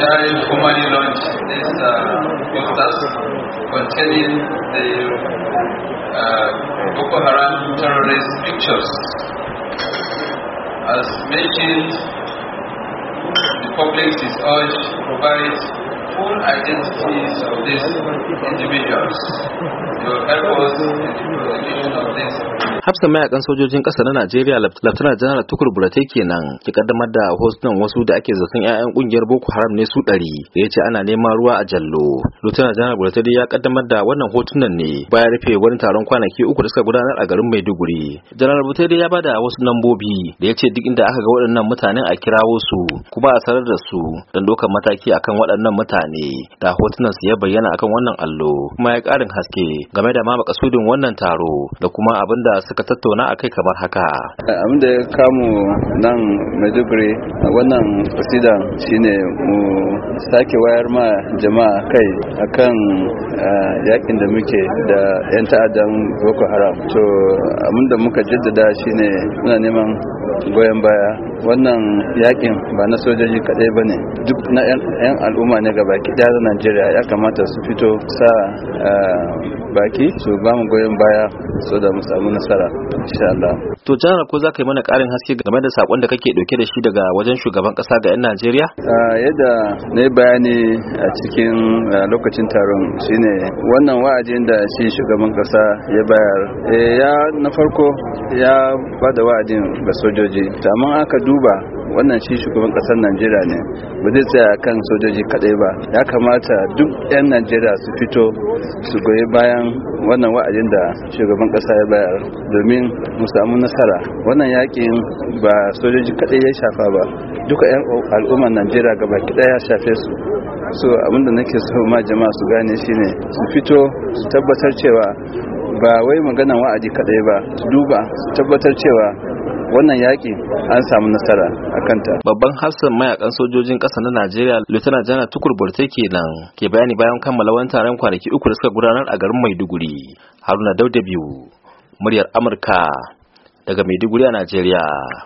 Nehari formally launched this uh, posters containing the uh, Boko Haram terrorist pictures. As mentioned, the public is urged to provide full identities of these individuals. It will help us in the prosecution of these hafsa mayakan sojojin kasa na Najeriya Lieutenant Janar Tukur Burate kenan ki kaddamar da hotunan wasu da ake zaton ƴaƴan ƙungiyar Boko Haram ne su ɗari da ya ce ana neman ruwa a jallo. Lieutenant Janar Burate ya kaddamar da wannan hotunan ne bayan rufe wani taron kwanaki uku da suka gudanar a garin Maiduguri. General Burate ya bada wasu lambobi da ya ce duk inda aka ga waɗannan mutanen a kirawo su kuma a sanar da su don dokar mataki akan waɗannan mutane da hotunan su ya bayyana akan wannan allo kuma ya ƙarin haske game da ma makasudin wannan taro da kuma abin da suka tattauna a kai kamar haka abin da ya kamu nan maiduguri wannan kasida shine mu sake wayar ma jama'a kai akan eh, yakin da muke da 'yan ta'addan boko haram to abin da muka jaddada shine muna neman goyon baya wannan yakin ba na sojoji kadai ba ne duk na 'yan al'umma ne gaba ki da najeriya ya kamata su fito sa eh, baki su ba mu goyon baya so da mu samu nasara insha Allah to jihar ko za yi mana karin haske game da sakon da kake dauke da shi daga wajen shugaban kasa ga 'yan Najeriya yadda na yi bayani a cikin lokacin taron shine wannan wa'adin da shi shugaban kasa ya bayar eh, ya na farko ya bada wa'adin ga sojoji amma aka duba wannan shi shugaban kasar najeriya ne ba zai tsaya kan sojoji kadai ba ya kamata duk 'yan najeriya su fito su goyi bayan wannan wa'adin da shugaban kasa ya bayar domin mu samu nasara wannan yakin ba sojoji kadai ya shafa ba duka 'yan al'ummar najeriya gaba kida ya shafe su so abinda nake so ma jama'a su gane shine su fito su tabbatar cewa ba wai maganan wa'adi kadai ba su duba su tabbatar cewa wannan yaƙi an samu nasara a kanta. Babban Hassan, mayakan sojojin ƙasa na Najeriya Lieutenant General Tukur Borte kenan ke bayani bayan kammala wani taron kwanaki uku da suka gudanar a garin Maiduguri. Haruna Dauda biyu, muryar Amurka daga Maiduguri a Najeriya.